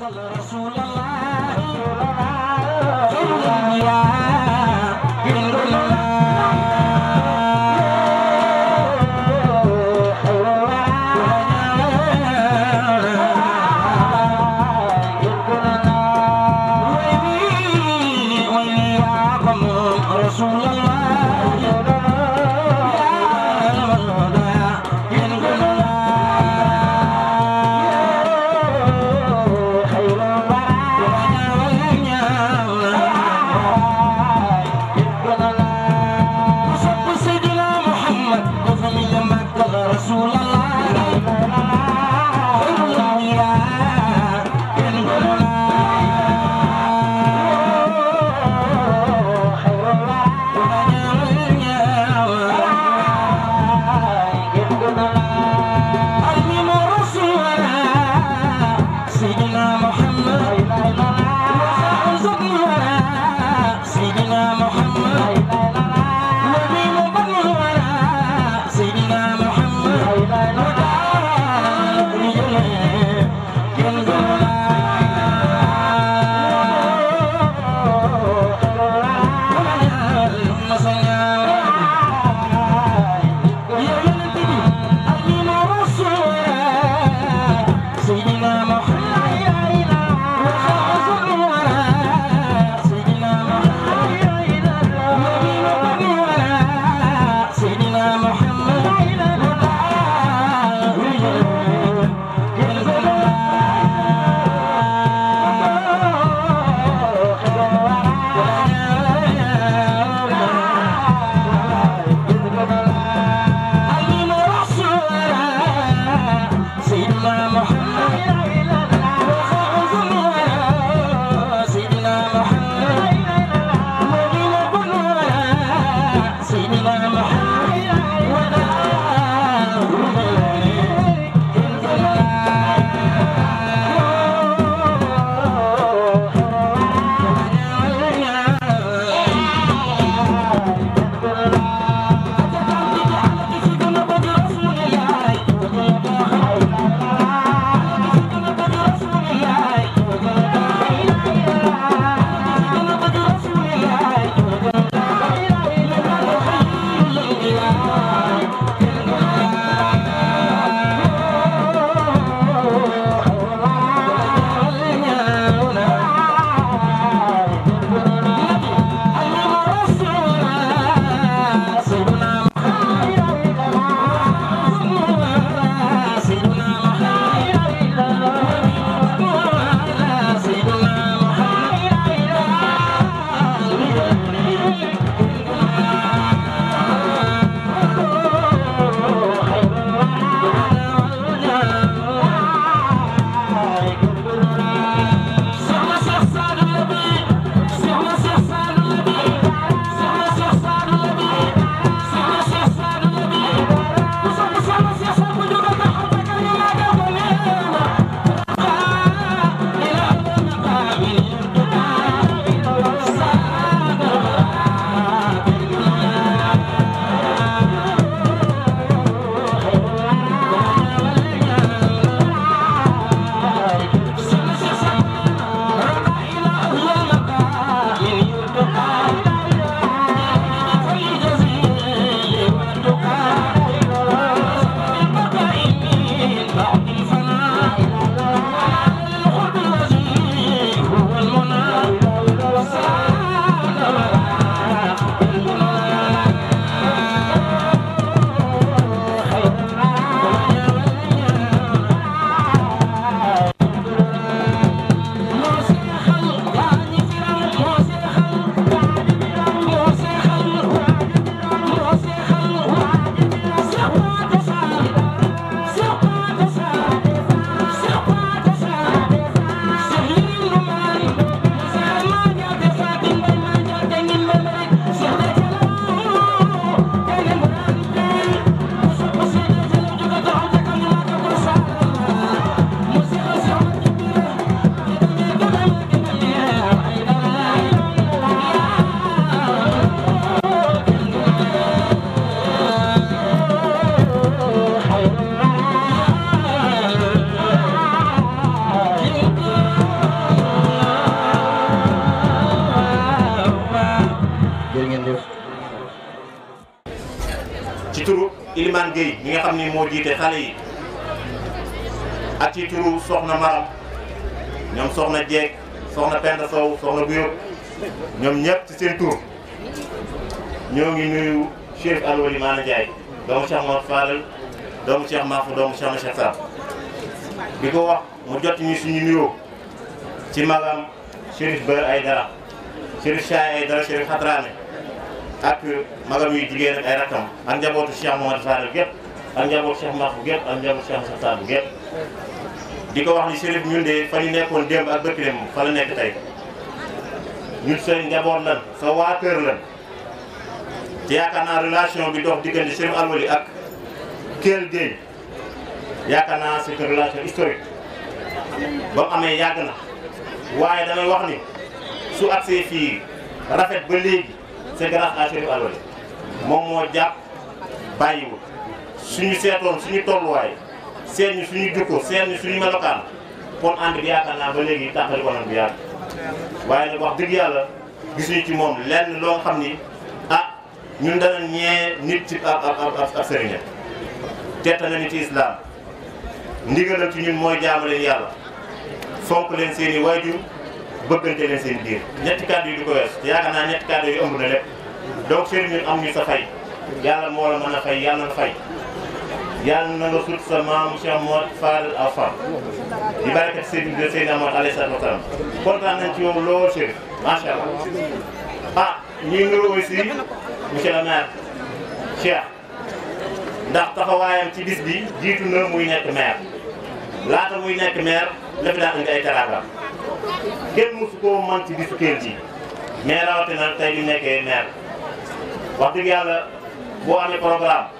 আফদল রসুল্লাহ jiite xale yi ak ci turu soxna Maram ñoom soxna Jeeg soxna Penda Sow soxna Buyo ñoom ñëpp ci seen tur ñoo ngi nuyu Cheikh Alwali Maana Ndiaye doomu Cheikh Mor Fallal doomu Cheikh doomu Cheikh na Cheikh Sarr di ko wax mu jot ñu suñu nuyoo ci magam Chérif Ba ay dara Chérif Chaay ay dara Chérif Xatraane ak magam ay rakkam ak njabootu Cheikh Mouhamed Fallal gépp ak njaboot Cheikh Max bu gépp ak njaboot Cheikh Moussa bu gépp di ko wax ni Chérif ñun de fa ñu nekkoon démb ak bërki démb fa kër lan te yaakaar naa relation bi dox diggante Chérif Alwali ak Kell Gueye yaakaar naa c'est une relation ba mu amee yàgg na waaye damay wax ni su agsee fii rafet ba léegi c'est grâce à Chérif Alwali moom moo jàpp bàyyiwul suñu seetoon suñu tolluwaay seet ñi suñu jukko seet ñi suñu melokaan kon ànd bi yaakaar naa ba léegi tàqali ko nan bu yàgg waaye nag wax dëgg yàlla gis ci moom lenn loo xam ni a ah, ñun dana ñee nit ci ab ab ab sëriñam tetta na ni ci islaam ndigalam ci ñun mooy jaamu leen yàlla fonk leen seeni i waajur bëggante leen seen biir ñetti kàddu yi du ko wees yaakaar naa ñetti kàddu yi ëmb na lépp donc sëriñ ñun am ñu sa fay yàlla moo la mën a fay yàlla na yàlla na nga sut sa maam Cheikh Mor Fall Afan di barkat Serigne bi Seydina Mor alayhi salaatu wa salaam kontaan nañ ci yow lool Chérif macha allah ah ñuy nuyu aussi monsieur le maire Cheikh ndax taxawaayam ci bis bi jiitu na muy nekk maire laata muy nekk maire la fi daan indi ay teraanga kenn mësu koo man ci bisu kër ji mais rawatina tey bi nekkee maire wax dëgg yàlla boo amee programme.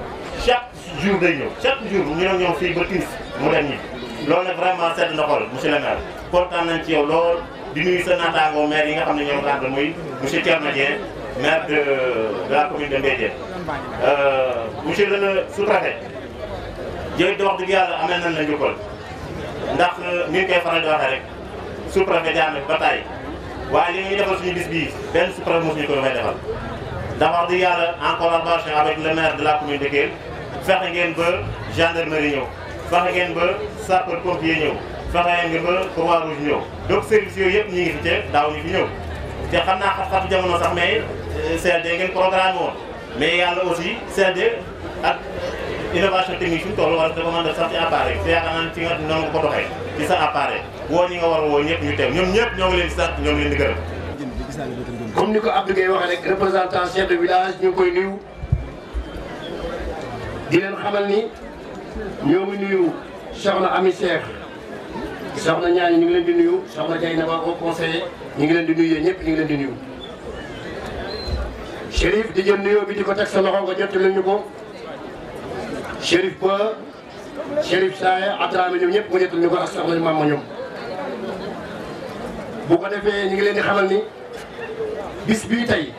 jour day ñëw chaque jour ñu ne ñoom fii ba mu dem ñibbi loolu nag vraiment sedd na xol monsieur le maire kontaan nañ ci yow lool di nuyu sa naataangoo maire yi nga xam ne ñoom la àndal muy monsieur Thierno Dieng maire de de la commune de Mbédiène euh, monsieur le sous-préfet jooy dox dëgg yàlla amee nañ la njukkal ndax ni ñu koy faral di waxee rek sous-préfet jaar na ba tàyyi waaye li ñuy defal suñu bis bii benn sous-préfet mosuñu ko dafay defal ndax wax dëgg yàlla en collaboration avec le maire de la fexe ngeen ba gendarmerie ñëw fexe ngeen ba sapeur pompier ñëw fexe ngeen ba croix rouge ñëw donc service yooyu yëpp ñu ngi fi te daaw ñu fi ñëw te xam naa xam-xam jamono sax mais euh, CRD ngeen programme woon yàlla aussi CRD ak innovation sax ci appareil te yaakaar naa ne fi nga noonu ko doxee ci sa appareil woo ñi nga war a woo ñëpp ñu teew ñoom ñëpp ñoo ngi leen di sant ñoo ngi leen di gërëm comme ni ko Abdou Gueye rek représentant chef de village ñu koy nuyu di leen xamal ni ñoo ngi nuyu soxna Ami Cheikh soxna ñaañi ñu ngi leen di nuyu soxna jay na ba conseiller ñu ngi leen di nuyu yéen ñëpp ñu ngi leen di nuyu Chérif di jël nuyoo bi di ko teg sa loxo nga jot leen ñu ko Chérif Ba Chérif Saaya Adrame ñoom ñëpp nga jot ñu ko ak soxna maam ma ñoom bu ko defee ñu ngi leen di xamal ni bis bii tey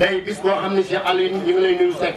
day bis boo xam ni Cheikh Aliou ñu ngi lay nuyu Seck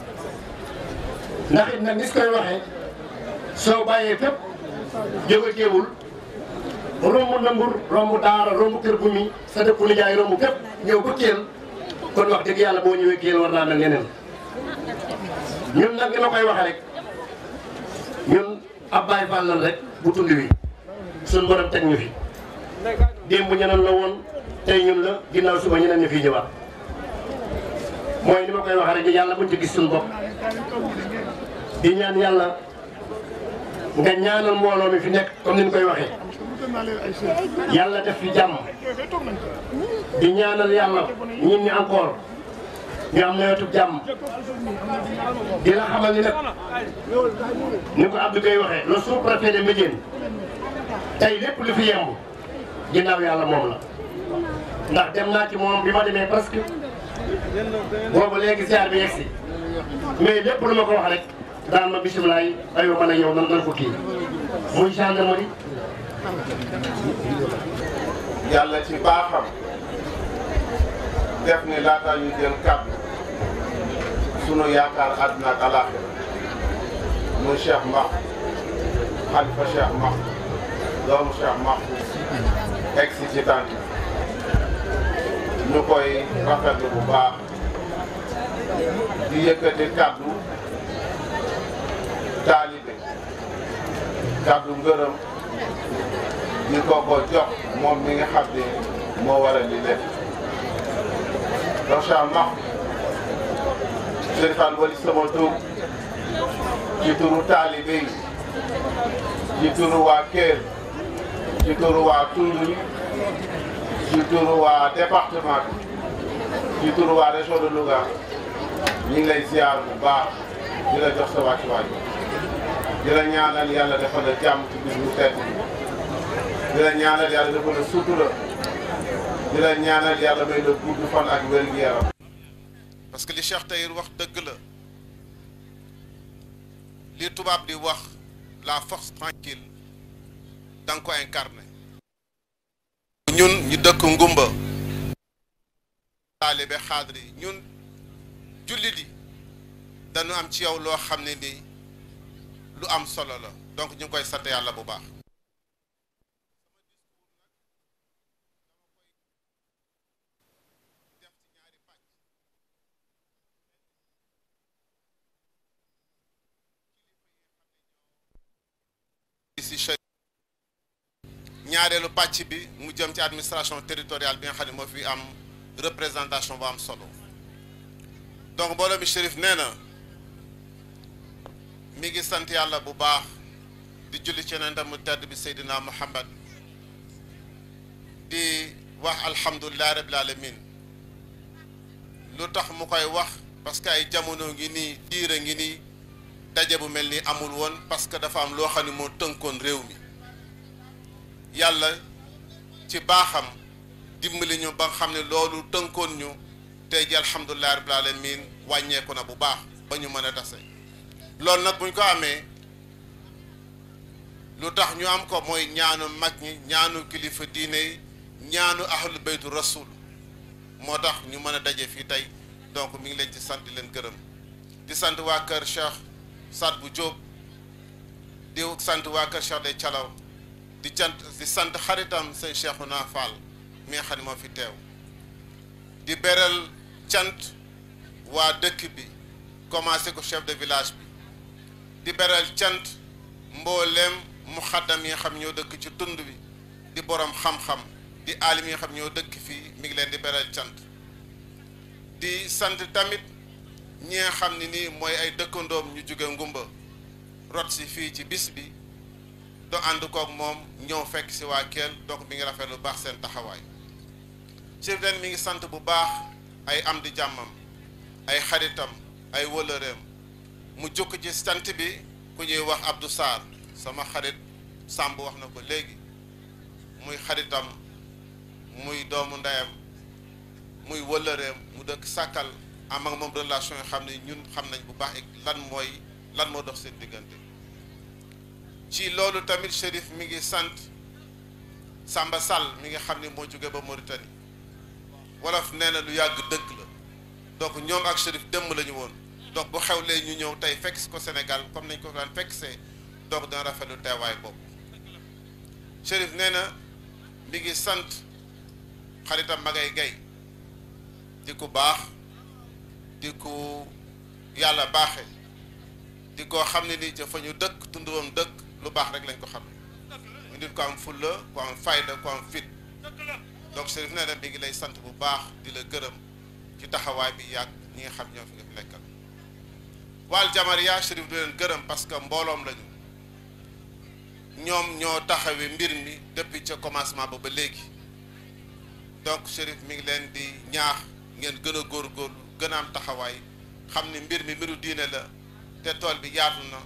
ndax it nag ni koy waxee soo bàyyee fépp jóge teewul romb na romb daara romb kër gu mi sa dëkku nijaay romb fépp ñëw ba Kelle kon wax dëgg yàlla boo ñëwee Kelle war naa mel neneen ñun nag ni ma koy wax rek ñun ab Baay Faal lan rek bu tund wi suñ borom teg ñu fi démb ñeneen la woon tey ñun la ginnaaw suba ñeneen ñu fiy ñëwaat mooy ni ma koy wax rek yàlla buñ ci gis suñu di ñaan yàlla nga ñaanal mbooloo mi fi nekk comme ni ñu koy waxee yàlla def fi jàmm di ñaanal yàlla ñun ñi encore ñu am nawetu xamal ni nag ni ko Abdou Gueye waxee le sous-préfet de Médine tey lépp lu fi yemb ginnaaw yàlla moom la ndax dem naa ci moom bi ma demee presque boobu léegi ziar bi yegsi mais lépp lu ma ko wax rek. daan ma bisimilaay aywa mën a ñëw nan nan ko kii muy gendarmerie. yàlla ci baaxam def ni laataa ñu jël kàddu sunu yaakaar àdduna ak alaaxira muy Cheikh Mbax xalifa Cheikh Mbax doomu Cheikh Mbax egg si ci tànk ñu koy rafetlu bu baax di yëkkati kàddu kàddu ngërëm di ko ko jox moom mi nga xam ne moo waral di def macha allah seytaan wali sama tur ci turu taalibe yi waa Kelle ci turu waa Tuuti ci turu waa département bi ci waa région de Louga ñu ngi lay ziar bu baax di la jox sa wàccuwaay di la ñaanal yàlla defal la que li Cheikh Tahir wax dëgg la li di wax la force tranquille ñun ñu dëkk ngumba taalibe xaadri ñun jullit yi dañu am ci yow loo xam ne nii lu am solo la donc ñu koy sant yàlla bu baax ñaareelu pàcc bi mu jëm ci administration territoriale bi nga xam ne moo fi am représentation bu am solo donc mbooloo mi Chérif nee na mi ngi sant yàlla bu baax di julli ci yonentam mu tedd bi Seydina Muhammad di wax alhamdulilah rabbil alamin lu tax mu koy wax parce que ay jamono ngi nii diir a ngi nii daje bu mel ni amul woon parce que dafa am loo xam ne moo tënkoon réew mi yàlla ci baaxam dimbali ñu ba xam ne loolu tënkoon ñu tey ji alhamdulilah rabbil alamin wàññeeku na bu baax ba ñu mën a tase loolu nag buñ ko amee lu tax ñu am ko mooy ñaanu mag ñi ñaanu kilifa diine yi ñaanu ahlu baytu rasul moo tax ñu mën a daje fii tey donc mu ngi leen ci sant leen gërëm di sant waa kër Cheikh Saad bu Diop di sant waa kër Cheikh de Calaw di cant di sant xaritam sëñ Cheikhouna naa mi nga xam moo fi teew di beral cant waa dëkk bi commencé ko chef de village bi di beral cant mboolem mu muxaddam yi xam ñoo dëkk ci tund bi di boroom xam-xam di aalim yi xam ñoo dëkk fii mi ngi leen di beral cant di sant tamit ñi nga xam ni nii mooy ay dëkkandoom ñu jóge ngumba rot si fii ci bis bi do ànd kook moom ñëw fekk si waa Kelle donc mi ngi rafet lu baax seen taxawaay ci ren mi ngi sant bu baax ay am di jàmmam ay xaritam ay wëlëreem mu jukk ci sant bi ku ñuy wax Abdou Sarr sama xarit Samb wax na ko léegi muy xaritam muy doomu ndeyam muy wëllëreem mu dëkk sàkkal am ak moom relation yoo xam ne ñun xam nañ bu baax lan mooy lan moo dox seen diggante ci loolu tamit Chérif mi ngi sant sàmba Sall mi nga xam ne moo jóge ba Mauritanie wolof nee na lu yàgg dëgg la donc ñoom ak Chérif démb la woon donc bu xew xewlee ñu ñëw tey fekk ko Sénégal comme nañ ko daan fekk see donc dana rafetlu teewaay boobu Chérif nee na mi ngi sant xaritam Magay Gay di ku baax di ku yàlla baaxe di koo xam ne ni fa ñu dëkk tunduwam dëkk lu baax rek lañ ko xam mu nit ko am fulla ko am fayda ko am fit donc Chérif nee na ngi lay sant bu baax di la gërëm ci taxawaay bi yàgg ñi nga xam ñoo fi nekkal wal jamariya Chérif du leen gërëm parce que mbooloom lañu ñoom ñoo taxawee mbir mi depuis ca commencement ba ba léegi donc Chérif mi ngi leen di ñaax ngeen gën góor góor gën a taxawaay xam ni mbir mi mbiru diine la te tool bi yaatu na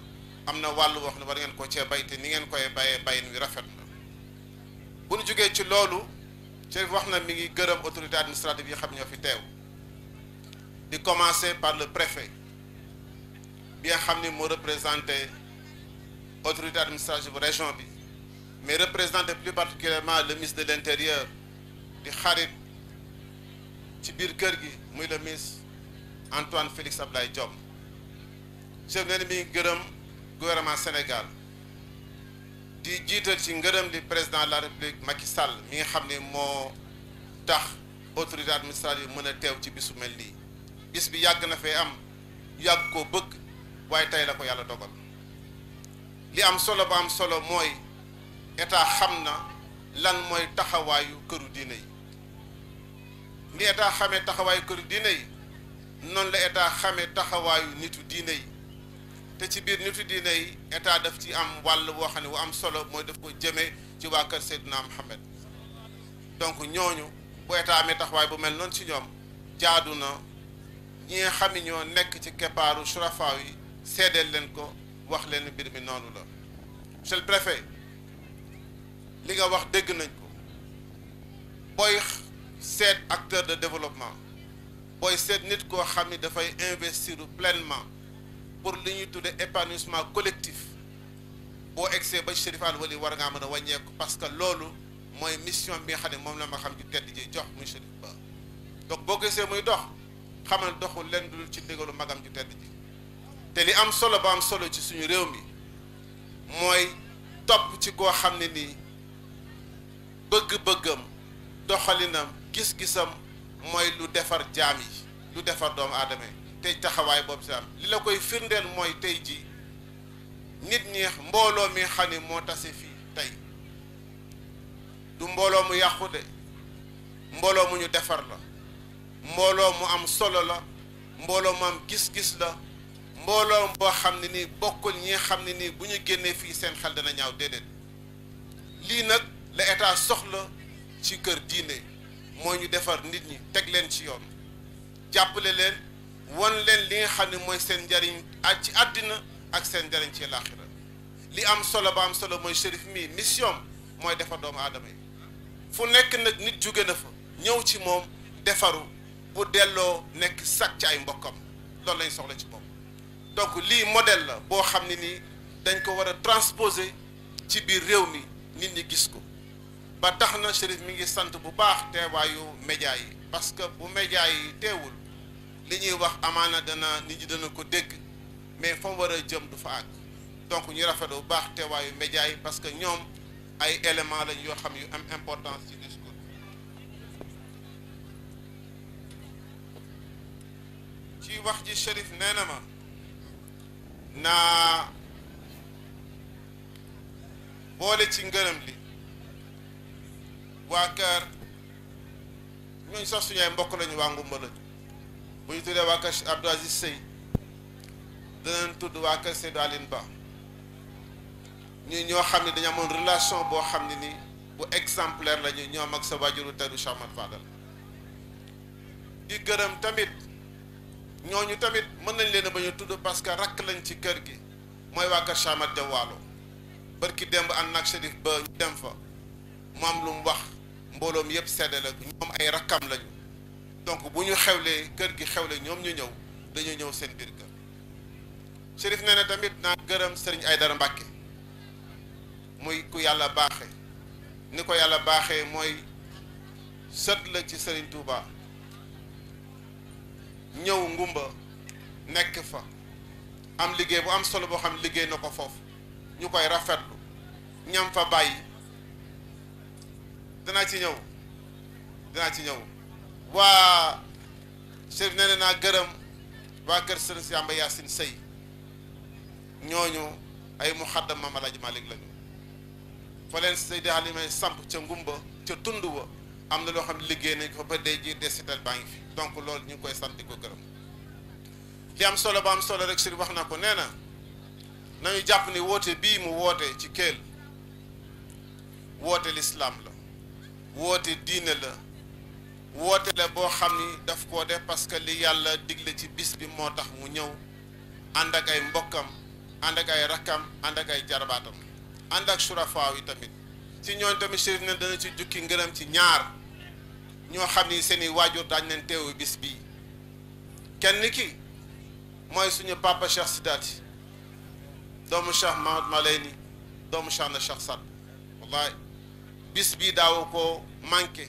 am na wàllu wax ne war ngeen ko cee bay te ni ngeen koy bayee bayin wi rafet na bu nu jógee ci loolu Chérif wax na mi ngi gërëm autorité administrative yi xam ñoo fi teew di commencer par le préfet Bien nga xam ne l'autorité administrative de administrative région bi mais représente plus particulièrement le ministre de l'Intérieur, le di Tibir ci le ministre Antoine Félix Ablay Job, chef nee na mi ngi gouvernement Sénégal Je suis ci président de la république Macky Sall mi nga xam l'autorité administrative tax autorité administrative Je suis teew ci bisu mel nii bis bi na am waaye tey la ko yàlla dogal li am solo ba am solo mooy état xam na lan mooy taxawaayu këru diine yi ni état xamee taxawaayu këru diine yi noonu la état xamee taxawaayu nitu diine yi te ci biir nitu diine yi état def ci am wàll boo xam ne bu am solo mooy def ko jëmee ci waa kër Seydina Mohamed donc ñooñu bu état amee taxawaay bu mel noonu ci ñoom jaadu na ñi nga xam ne nekk ci keppaaru surafaaw yi cédel len ko wax len bir mi noonu la monsieur le préfet li nga wax dégg nañ ko boy set acteur de développement boy set nit ko xam da fay investir pleinement pour li tuddé épanouissement collectif bo excès ba cheikh Al Wali war nga mëna wagné wàññeeku parce que lolu moy mission bi nga mom la ma xam ci tedd ji jox muy Chérif Ba donc boo gisee muy dox xamal doxul len dul ci ndigalu magam ci tedd ji te li am solo ba am solo ci suñu réew mi mooy topp ci koo xam ne nii bëgg-bëggam doxalinam gis-gisam mooy lu defar jaam yi lu defar doomu aadama yi tey taxawaay boobu si li la koy firndeel mooy tey ji nit ñi mbooloo mi xam ne moo tase fii tey du mbooloo mu yàqu mbooloo mu ñu defar la mbooloo mu am solo la mbooloo mu am gis-gis la mbooloo boo xam ne nii bokkul ñi nga xam ne nii bu ñu génnee fii seen xel dina ñaaw déedéet lii nag la état soxla ci kër diine mooy ñu defar nit ñi teg leen ci yoon jàppale leen wan leen li nga xam ne mooy seen njariñ ak ci àddina ak seen njariñ ci laaxira li am solo ba am solo mooy shérif mi mission mooy defar doomu aadama yi fu nekk nag nit jóge na fa ñëw ci moom defaru bu delloo nekk sag ci ay mbokkam loolu lañ soxla ci bopp donc lii modèle la boo xam ne nii dañ ko war transposer ci biir réew mi nit ñi gis ko ba tax na Chérif mi ngi sant bu baax teewaayu média yi parce que bu média yi teewul li ñuy wax amaana dana nit ñi dana ko dégg mais fa mu war a jëm du fa àgg donc ñu rafet bu baax teewaayu média yi parce que ñoom ay éléments lañ yoo xam yu am importance ci discours ci wax ji Chérif nee na ma naa boole ci ngërëm li waa kër ñooñu sox suñu mbokk lañu waa ngumba lañu bu ñu tuddee waa kër Abdou Aziz Sey danañ tudd waa kër Seydou Aline Ba ñu ñoo xam ne dañu amoon relation boo xam ne ni bu exemplaire la ñu ñoom ak sa wajuru teru Cheikh Ahmad Fadal di gërëm tamit ñooñu tamit mën nañ leen a bañ a tudd parce que rakk lañu ci kër gi mooy waa kër Chamat Jaw Waalo bërki démb ànd naag Chérif ba ñu dem fa mu am lu mu wax mbooloom yëpp sedda la ñoom ay rakkam lañu donc bu ñu xewlee kër gi xewle ñoom ñu ñëw dañu ñëw seen biir kër Chérif nee tamit naa gërëm sëriñ Aydara Mbàkke muy ku yàlla baaxe ni ko yàlla baaxee mooy sët la ci sëriñ Touba. ñëw ngumba nekk fa am liggéey bu am solo boo xam liggéey na ko foofu ñu koy rafetlu ñam fa bàyyi danaa ci ñëw danaa ci ñëw waa chef nee naa gërëm waa kër sëriñ si Amba Yacine Seye ñooñu ay muxaddam Maam Alaaji Malik lañu fa leen Seydi Ali may samp ca ngumba ca tund wa am na loo xam ne liggéey nañ ko ba day ji desital baa ngi fi donc loolu ñu ngi koy sant ko gërëm li am solo ba am solo rek sëriñ wax na ko nee na nañu jàpp ni woote bii mu woote ci Kelle woote lislaam la woote diine la woote la boo xam ni daf ko def parce que li yàlla digle ci bis bi moo tax mu ñëw ànd ak ay mbokkam ànd ak ay rakkam ànd ak ay jarbaatam ànd ak surafaaw yi tamit ci ñooñ tamit chérif ne dana ci jukki ngërëm ci ñaar ñoo xam ni seeni i waajur daañ leen teewu bis bii kenn ki mooy suñu papa Cheikh Sidaati doomu Cheikh Mahmoud Maleyni doomu Cheikh na Cheikh Sad wallaay bis bii daaw ko manqué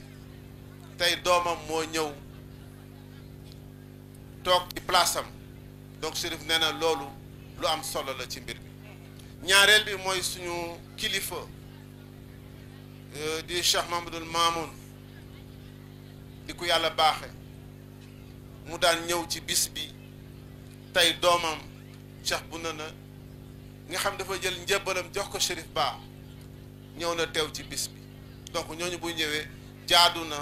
tey doomam moo ñëw toog ci place donc Chérif nee loolu lu am solo la ci mbir bi ñaareel bi mooy suñu kilifa di Cheikh Mamadul Maamoun di ku yàlla baaxe mu daan ñëw ci bis bi tey doomam bu Bounana nga xam dafa jël njëbbalam jox ko Chérif Ba ñëw na teew ci bis bi donc ñooñu bu ñëwee jaadu na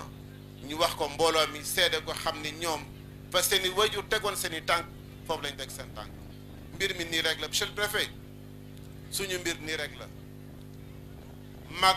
ñu wax ko mbooloo mi seede ko xam ni ñoom fa seen i wajur tegoon seen i tànk foofu lañ teg seen tànk mbir mi nii rek la monsieur le suñu mbir nii rek la mag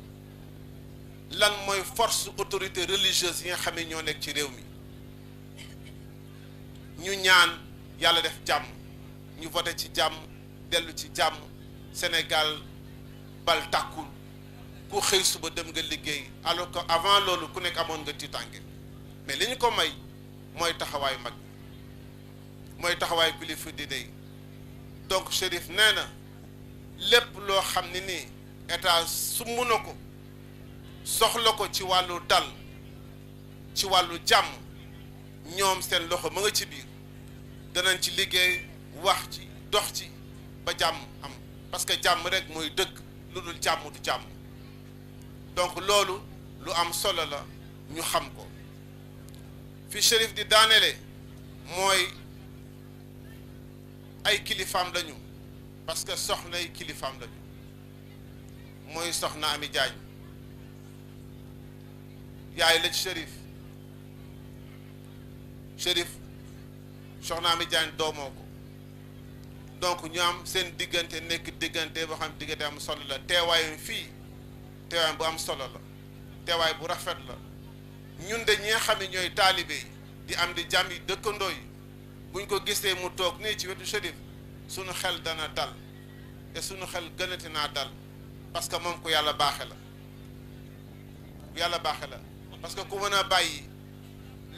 lan moy force autorité religieuse yi nga xamé ne ñoo nekk ci réew mi ñu ñaan yalla def jamm ñu voté ci jamm dellu ci jamm Sénégal bal tàkkul ku xëy suba dem nga liggéey alors que avant lolu ku nek amone nga tiitaange mais liñ ko may moy taxaway mag mooy taxawaayu kilifa diine yi donc cherif nee na lépp loo xam ne état sumb soxla ko ci wàllu dal ci wàllu jàmm ñoom seen loxo ma nga ci biir danañ ci liggéey wax ci dox ci ba jàmm am parce que jàmm rek mooy dëkk lu dul jàmm du jàmm donc loolu lu am solo la ñu xam ko fi shérif di daanele mooy ay kilifaam lañu parce que soxnay kilifaam lañu mooy soxna Ami Jaañ yaay la ci Chérif Chérif soxna mi Diagne doomoo ko donc ñu am seen diggante nekk diggante boo xam diggante am solo la teewaayu fii teewaay bu am solo la teewaay bu rafet la ñun de ñi nga xam ne ñooy taalibe yi di am di jàmm yi dëkkandoo yi buñ ko gisee mu toog nii ci wetu Chérif sunu xel dana dal te sunu xel gënati naa dal parce que moom ku yàlla baaxe la ku yàlla baaxe la parce que ku mën a bàyyi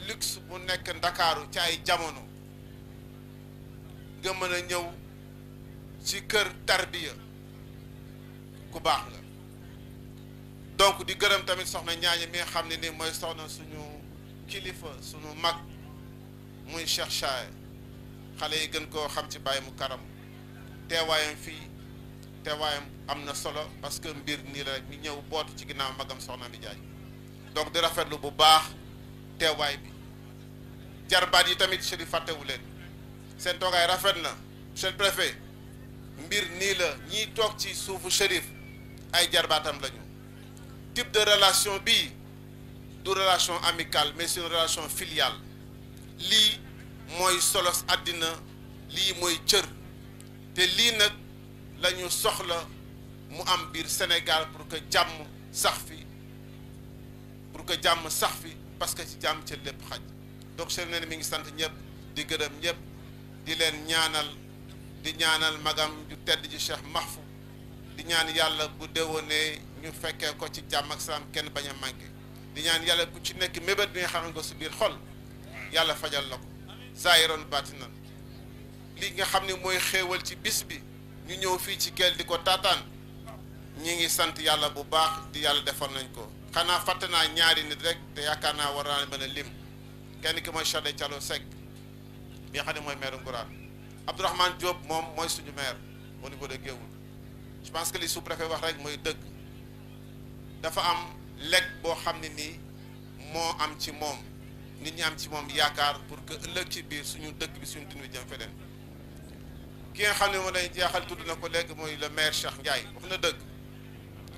luxe bu nekk ndakaaru ci ay jamono nga mën a ñëw ci kër tarbiya ku baax la donc di gërëm tamit soxna ñaañe mi xam ne ni mooy soxna suñu kilifa suñu mag muy Cheikh Chaye xale yi gën koo xam ci bàyyi mu karam teewaayam fii teewaayam am na solo parce que mbir nii la rek ñu ñëw bootu ci ginnaaw magam soxna Ndiaye. donc rafet lu bu baax teewaay bi jarbaat yi tamit chérif fàttewu leen seen toogaay rafet na le préfet mbir ni la ñi tok ci suufu chérif ay jarbaatam lañu type de relation bi du relation amicale mais c'est une relation filiale Li moy solos li li moy te li nak la soxla mu am bir Sénégal pour que jamm sax fi pour que jàmm sax fi parce que ci jàmm ci lépp xaj donc Chérif nee na mi ngi sant ñëpp di gërëm ñëpp di leen ñaanal di ñaanal magam ju tedd ji Cheikh Mahfou di ñaan yàlla bu déwénee ñu fekkee ko ci jàmm ak salaam kenn bañ a manqué di ñaan yàlla ku ci nekk mébét bi nga xam nga si biir xol yàlla fajal la ko zaayiroon baatinan nga xam ne mooy xéewal ci bis bi ñu ñëw fii ci gel di ko taataan ñi ngi sant yàlla bu baax di yàlla defal nañ ko xanaa fàtte naa ñaari nit rek te yaakaar naa war naa mën a lim kenn ki mooy Chade Thialo Seck bi nga xam ne mooy maire Ngourane Abdourahmane Diop moom mooy suñu maire au niveau de Géoul je pense que li sous-préfet wax rek mooy dëgg dafa am lekk boo xam ne nii moo am ci moom nit ñi am ci moom yaakaar pour que ëllëg ci biir suñu dëkk bi suñu dund bi jëm feneen ki nga xam ne moo lay jeexal tudd na ko léegi mooy le maire Cheikh Ndiaye wax na dëgg.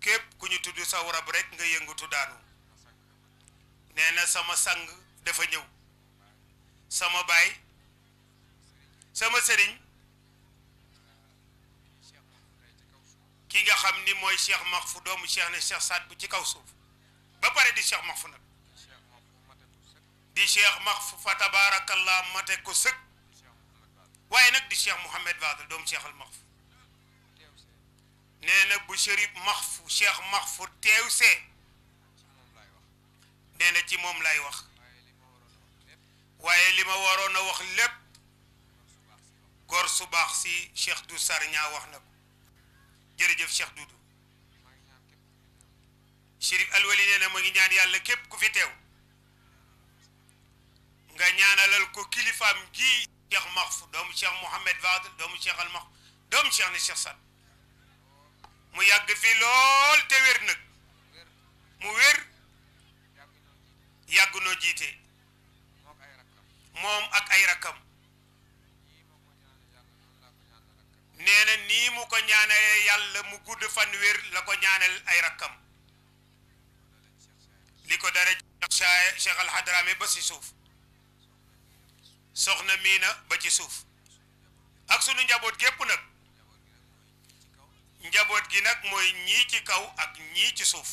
Kep kuñu tuddu tudd sa warab rek nga yëngutu daanu neena sama sang dafa ñew sama bay, sama sering. ki nga xamni moy cheikh mahfou doomu cheikh ne cheikh saat bu ci kaw suuf ba pare di cheikh mahfou nak di cheikh mahfou fa tabarakallah mate ko seuk waye nak di cheikh mohammed badal doomu cheikh al mahfou نانا بو شريف مخفو شيخ مخفو تيوسي نانا تي موم لاي واخ وايي لي ما ورونا واخ لب غور صباح سي شيخ دو سارنيا واخ نكو جيرجيف شيخ دودو شريف الولي نانا ماغي نيان يالا كيب كو في تيو nga ñaanalal ko kilifaam gii cheikh mahfou doomu cheikh mohamed vadl doomu cheikh al mahfou doomu cheikh ni cheikh sat mu yàgg fi lool te wér nag mu wér yàgg noo jiite moom ak ay rakkam nee ni nii mu ko ñaanalee yàlla mu gudd fan wér la ko ñaanal ay rakkam li ko dara cheikh cheikh alxadraame ba ci suuf soxna miina ba ci suuf ak sunu njaboot gépp nag njaboot gi nag mooy ñii ci kaw ak ñii ci suuf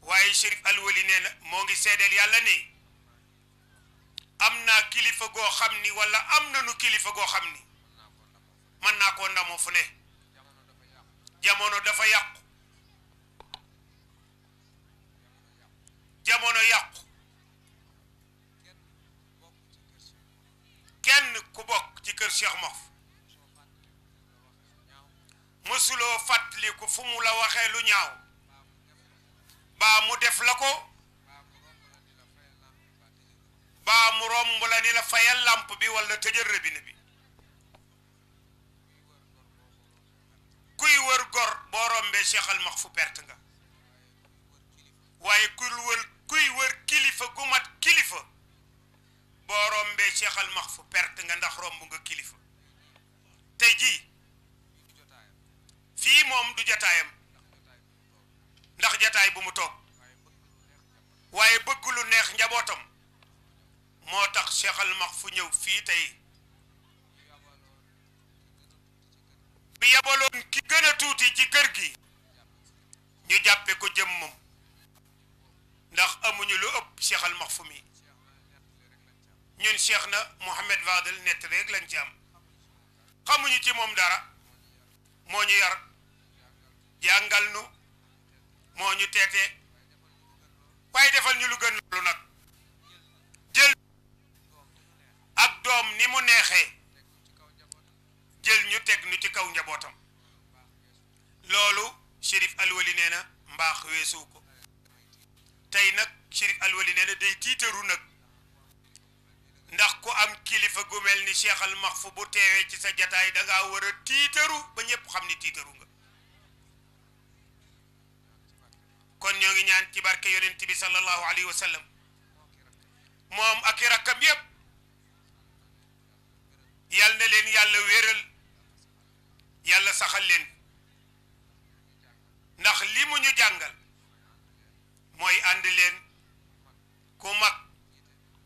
waaye Chérif Alwely nee na moo ngi seedeel yàlla ni am naa kilifa goo xam ni wala am nañu kilifa goo xam ni mën naa koo ndamoo fu ne jamono dafa yàqu jamono yàqu kenn ku bokk ci kër Cheikh Mof fàttaliku fu mu la waxee lu ñaaw baa mu def la ko baa mu romb la ni la fayal làmp bi walla tëjal robinet bi kuy wër gor boo rombee seexal max fu perte nga waaye kuy wër kilifa gu mat kilifa boo rombee seexal max fu perte nga ndax romb nga kilifa tey jii fii moom du jataayam ndax jataay bu mu toog waaye bëgg lu neex njabootam moo tax Cheikh Al Max fu ñëw fii tey bi yabaloon ki gën a tuuti ci kër gi ñu jàppe ko jëmmam ndax amuñu lu ëpp Cheikh Al Max fu mi ñun Cheikh na Mouhamed Fadel nett rek lañ ci am xamuñu ci moom dara moo ñu yar jàngal nu moo ñu teete waaye defal ñu lu gën loolu nag jël ak doom ni mu neexee jël ñu teg nu ci kaw njabootam loolu Chérif Alwali nee na mbaax weesu ko tey nag Chérif Alwali nee na day tiitaru nag ndax ku am kilifa gu mel ni Cheikh Al Maxfu bu teewee ci sa jataay da ngaa tiitaru ba ñëpp xam ni tiitaru kon ñoo ngi ñaan ci barke yonent bi sallallahu alayhi wa sallam mom ak rakam yeb yal na leen yalla wéral yalla saxal leen ndax limu ñu jangal moy and leen ku mag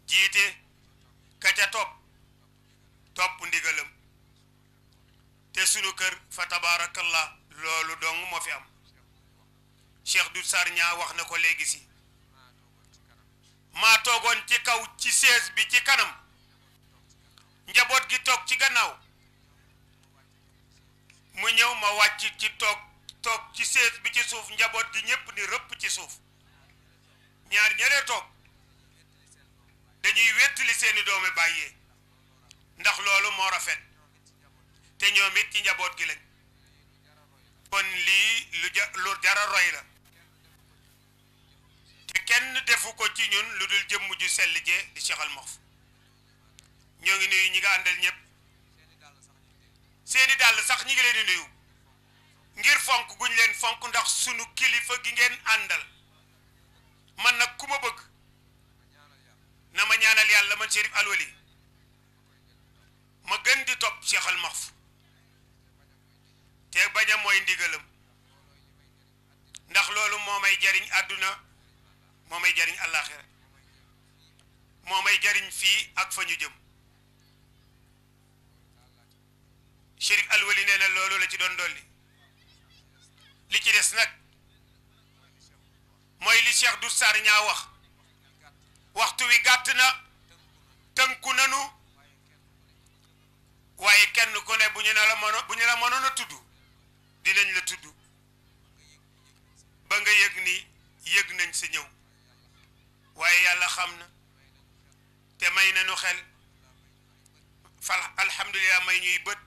jité ka ca top top ndigalam te suñu kër fa tabarakallah loolu dong mo fi am Cheikh Doudou Sarr wax na ko léegi si maa toogoon ci kaw ci sees bi ci kanam njaboot gi toog ci gannaaw mu ñëw ma wàcc ci toog toog ci sees bi ci suuf njaboot gi ñépp ni rëpp ci suuf ñaar ñëlee toog dañuy wettali seeni doomi bàyyee ndax loolu moo rafet te ñoom it ci njaboot gi lañ kon lii lu ja lu jara roy la kenn defu ko ci ñun lu jëm ju sell je di cheikhal mof ñoo ngi nuyu ñi nga andal ñep seeni dal sax ñi ngi leen di nuyu ngir fonk guñ leen fonk ndax suñu kilifa gi ngeen andal man nak kuma bëgg na ma ñaanal yàlla man chérif alwali ma gën di top cheikhal mof te bañ a ndigalam ndax lolu momay jariñ aduna moo may jariñ àllaaxira moo may jariñ fii ak fa ñu jëm Chérif Alwali nee na loolu la ci doon dolli li ci des nag mooy li Cheikh Dou Sarr ñaa wax waxtu wi gàtt na tënku nanu waaye kenn ku ne bu ñu ne la mënoon a tudd dinañ la tudd ba nga yëg ni yëg nañ sa ñëw waaye yàlla xam na te may nañu xel fal alhamdulilah may ñuy bët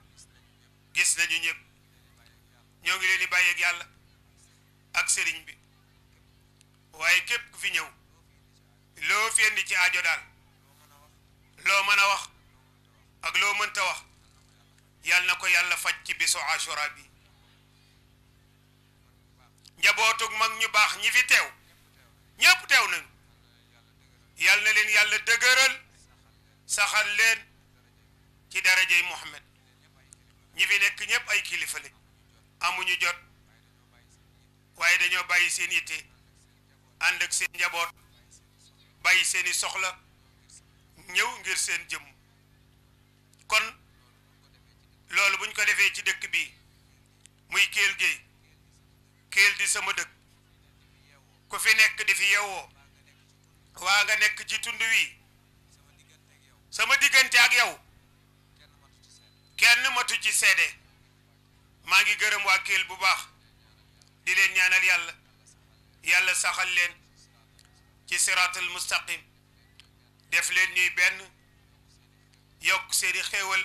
gis nañu ñëpp ñoo ngi leen di bàyyeeg yàlla ak sëriñ bi waaye képp ku fi ñëw loo fi indi ci aajo daal loo mën a wax ak loo mënta wax yal na ko yàlla faj ci bisu Ashura bi njabootug mag ñu baax ñi fi teew ñëpp teew nañu yàlla na leen yàlla dëgëral saxal leen ci darajey Muhammad ñi fi nekk ñëpp ay kilifa lañ amuñu jot waaye dañoo bàyyi seen yitte ànd ak seen njaboot bàyyi seeni soxla ñëw ngir seen jëmm kon loolu buñ ko defee ci dëkk bi muy Kelle Gueye Kelle di sama dëkk ku fi nekk di fi yeewoo waa nga nekk ci tund wi sama diggante ak yow kenn matu ci seede maa ngi gërëm waa Kelle bu baax di leen ñaanal yàlla yàlla saxal leen ci siraatul mustaqim def leen ñuy benn yokk seeni xéewal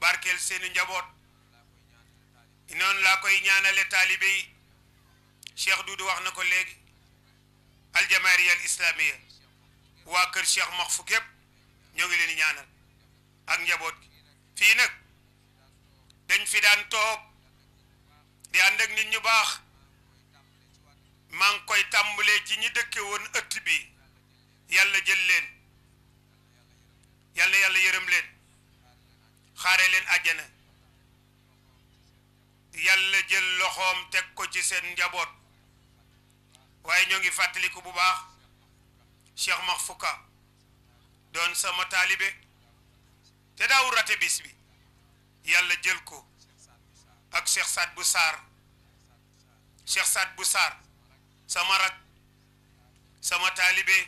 barkeel seeni njaboot noonu laa koy ñaanale taalibe yi Cheikh Doudou wax na ko léegi aljamaariya al waa kër Cheikh Maxfu gépp ñoo ngi leen di ñaanal ak njaboot gi fii nag dañ fi daan toog di ànd ak nit ñu baax maa ngi koy tàmbalee ci ñi dëkke woon ëtt bi yàlla jël leen yàlla yàlla yërëm leen xaare leen àjjana yàlla jël loxoom teg ko ci seen njaboot waaye ñoo ngi fàttaliku bu baax Cheikh Mahfouka doon sama taalibe te daawul rate bis bi yàlla jël ko ak Cheikh sat bu Saar Cheikh Saad bu Saar sama rak sama taalibe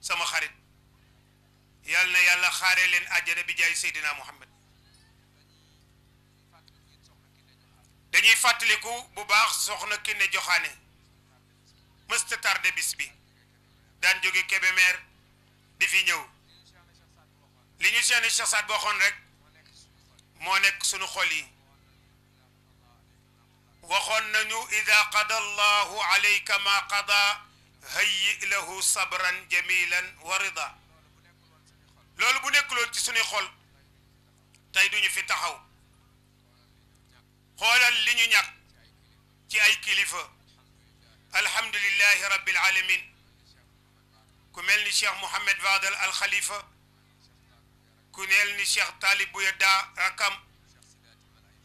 sama xarit yàlla na yàlla xaare leen àjjana bi jaay Seydina Muhammad dañuy fàttaliku bu baax soxna Kiné Joxaane mësta tardé bis bi daan jóge Kébémer di fi ñëw li ñu seeni Cheikh Saad waxoon rek mo nek sunu xol yi waxon nañu ida qada allah alayka ma qada hayyi lahu sabran jamilan wa rida lolou bu lon ci suñu xol tay duñu fi taxaw xolal li ñu ñak ci ay kilifa الحمد لله رب العالمين كملني شيخ محمد فاضل الخليفة كملني شيخ طالب بويدا رقم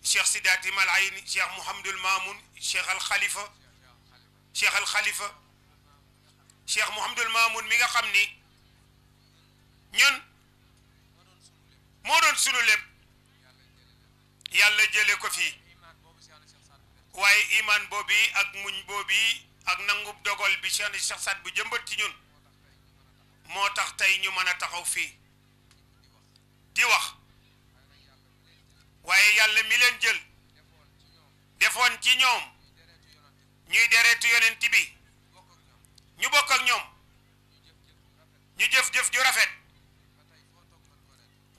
شيخ سيدات العين شيخ محمد المامون شيخ الخليفة شيخ الخليفة شيخ محمد المامون ميغا خمني نيون مودون سونو ليب يالا جيليكو في واي ايمان بوبي اك موغن بوبي ak nangub dogal bi cheikh ni cheikh sad bu jëmbat ci ñun motax tay ñu mëna taxaw fi di wax waye yalla mi leen jël defoon ci ñoom ñuy deretu yonent bi ñu bokk ak ñoom ñu jëf jëf ju rafet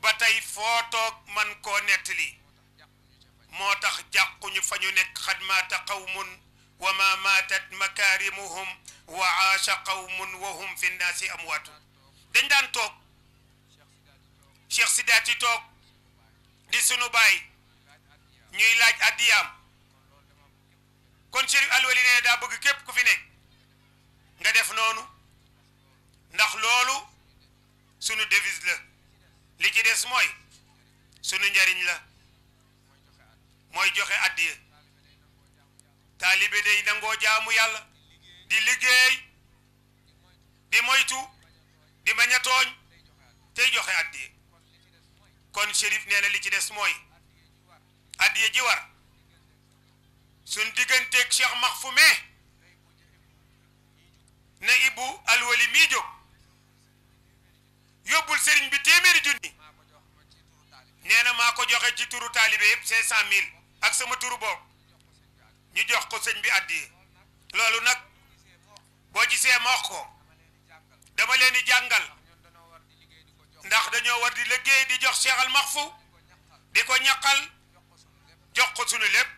ba tay fo tok man ko nettali moo tax jàqu ñu fañu nek nekk qawmun وما ماتت مكارمهم وعاش قوم وهم في الناس أموات dañ daan toog Cheikh Sidaati toog di sunu baay ñuy laaj addiyaam kon Chérif Alwely nee daa bëgg képp ku fi nekk nga def noonu ndax loolu sunu devise la li ci des mooy sunu njariñ la mooy joxe addiya taalibe day nangoo jaamu yàlla di liggéey di moytu di bañ tooñ tey joxe addiye kon shérif nee na li ci des mooy addiye ji war suñ digganteeg Cheikh Mahfoume na Ibou Alwali mii jóg yóbbul sëriñ bi téeméeri junni nee na maa ko joxe ci turu taalibe yëpp cinq cent mille ak sama turu boobu ñu jox ko sëñ bi addi loolu nag janggal, gisee ma wax ko dama leen di jàngal ndax dañoo war di liggéey di jox cheikh al maxfu di ko ñaqal jox ko suñu lépp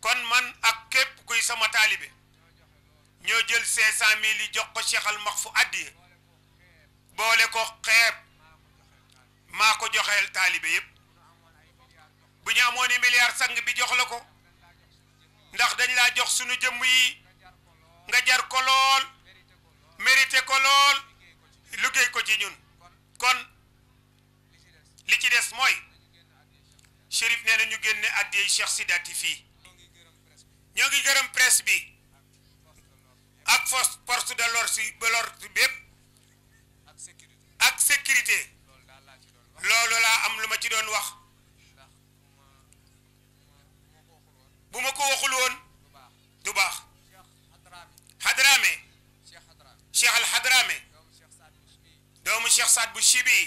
kon man ak képp kuy sama taalibe ñoo jël 500000 jox ko cheikh al maxfu addi boole ko xeeb maa ko joxeel yépp bu ñu milliard sang bi jox ndax dañ laa jox suñu jëmm yi nga jar ko lool mérité ko lool liggéey ko ci ñun kon li ci des mooy Chérif nee na ñu génne addiyey Cheikh Sidati fii ñoo ngi gërëm presse bi ak force force de l'ordre si ba l'ordre bépp ak sécurité loolu laa am lu ma ci doon wax bu ma ko waxul woon du baax hadrame cheikh al hadrame doomu cheikh saad bu shibi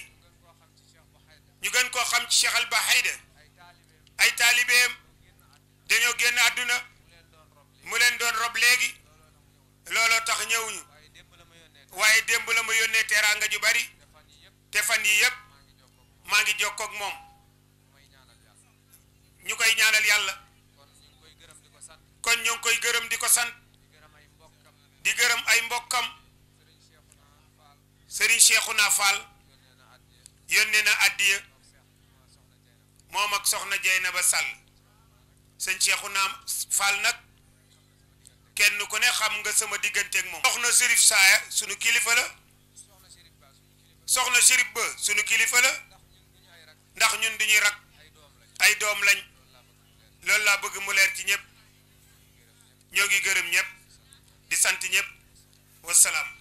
ñu gën koo xam ci cheikh al bahayda ay taalibeem dañoo génn àdduna mu leen doon rob legi lolo tax ñëwuñu waaye démb la ma yónnee teraanga ju bari te fan yi ngi ñaanal kon ñong koy gërëm di ko sant di gërëm ay mbokam serigne cheikhuna fall yonne na adiya mom ak soxna ba sal, serigne cheikhuna fall nak kenn ku ne xam nga sama digënté ak mom soxna serif saya sunu kilifa la soxna serif ba sunu kilifa la ndax ñun duñuy rak ay doom lañ lool la bëgg mu leer ci ñepp ñoo ngi gërëm ñëpp di sant ñëpp wasalaam